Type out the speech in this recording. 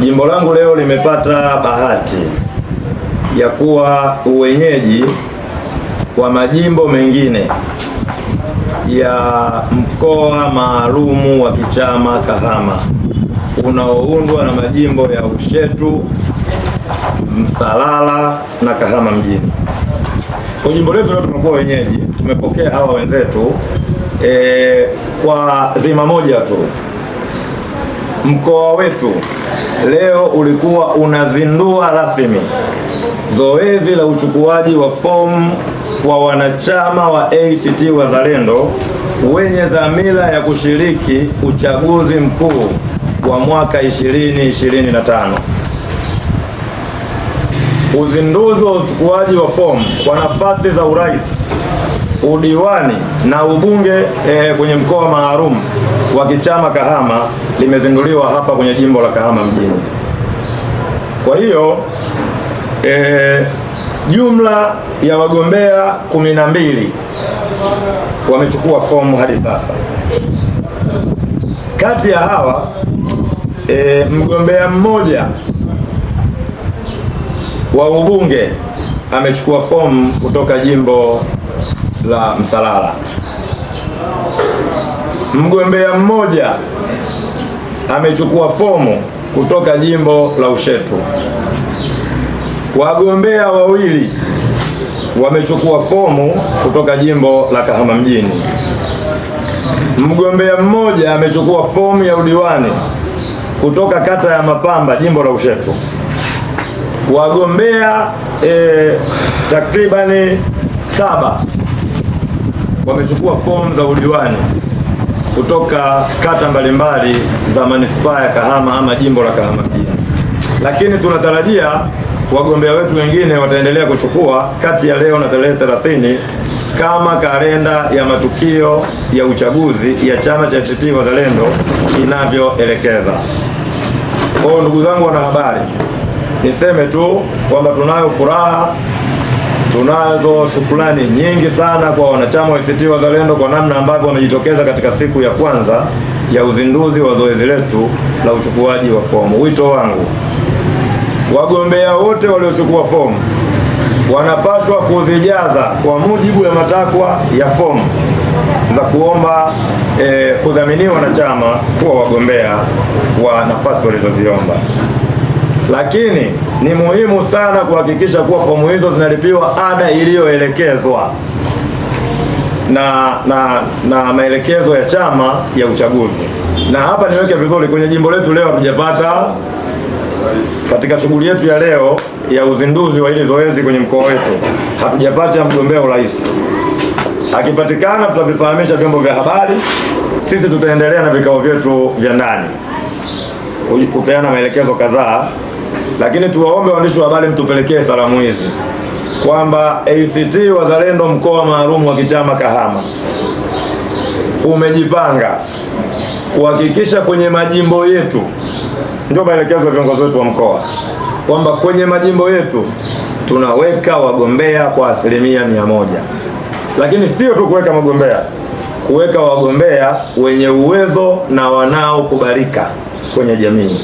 Jimbo langu leo limepata bahati ya kuwa uwenyeji wa majimbo mengine ya mkoa maalumu wa kichama Kahama unaoundwa na majimbo ya Ushetu, Msalala na Kahama mjini. Kwa jimbo letu leo tumekuwa wenyeji, tumepokea hawa wenzetu e, kwa dhima moja tu Mkoa wetu leo ulikuwa unazindua rasmi zoezi la uchukuaji wa fomu kwa wanachama wa ACT Wazalendo wenye dhamira ya kushiriki uchaguzi mkuu wa mwaka 2025. Uzinduzi wa uchukuaji wa fomu kwa nafasi za urais, udiwani na ubunge eh, kwenye mkoa maalum wa kichama Kahama limezinduliwa hapa kwenye jimbo la Kahama mjini. Kwa hiyo e, jumla ya wagombea kumi na mbili wamechukua fomu hadi sasa. Kati ya hawa e, mgombea mmoja wa ubunge amechukua fomu kutoka jimbo la Msalala mgombea mmoja amechukua fomu kutoka jimbo la Ushetu, wagombea wawili wamechukua fomu kutoka jimbo la Kahama mjini, mgombea mmoja amechukua fomu ya udiwani kutoka kata ya Mapamba, jimbo la Ushetu. Wagombea e, takribani saba wamechukua fomu za udiwani kutoka kata mbalimbali za manispaa ya Kahama ama jimbo la Kahama pia, lakini tunatarajia wagombea wetu wengine wataendelea kuchukua kati ya leo na tarehe 30 kama kalenda ya matukio ya uchaguzi ya chama cha ACT Wazalendo inavyoelekeza. Kwa ndugu zangu wanahabari, niseme tu kwamba tunayo furaha Tunazo shukrani nyingi sana kwa wanachama wa ACT Wazalendo kwa namna ambavyo wamejitokeza katika siku ya kwanza ya uzinduzi wa zoezi letu la uchukuaji wa fomu. Wito wangu, wagombea wote waliochukua fomu wanapaswa kuzijaza kwa mujibu ya matakwa ya fomu za kuomba eh, kudhaminiwa na chama kuwa wagombea wa nafasi walizoziomba lakini ni muhimu sana kuhakikisha kuwa fomu hizo zinalipiwa ada iliyoelekezwa na, na, na maelekezo ya chama ya uchaguzi. Na hapa niweke vizuri, kwenye jimbo letu leo hatujapata katika shughuli yetu ya leo ya uzinduzi wa hili zoezi kwenye mkoa wetu hatujapata mgombea urais. Akipatikana tutavifahamisha vyombo vya habari. Sisi tutaendelea na vikao vyetu vya ndani kupeana maelekezo kadhaa lakini tuwaombe waandishi wa habari mtupelekee salamu hizi kwamba ACT Wazalendo mkoa maalum wa kichama Kahama umejipanga kuhakikisha kwenye majimbo yetu, ndio maelekezo ya viongozi wetu wa mkoa kwamba kwenye majimbo yetu tunaweka wagombea kwa asilimia mia moja, lakini sio tu kuweka magombea kuweka wagombea wenye uwezo na wanaokubalika kwenye jamii.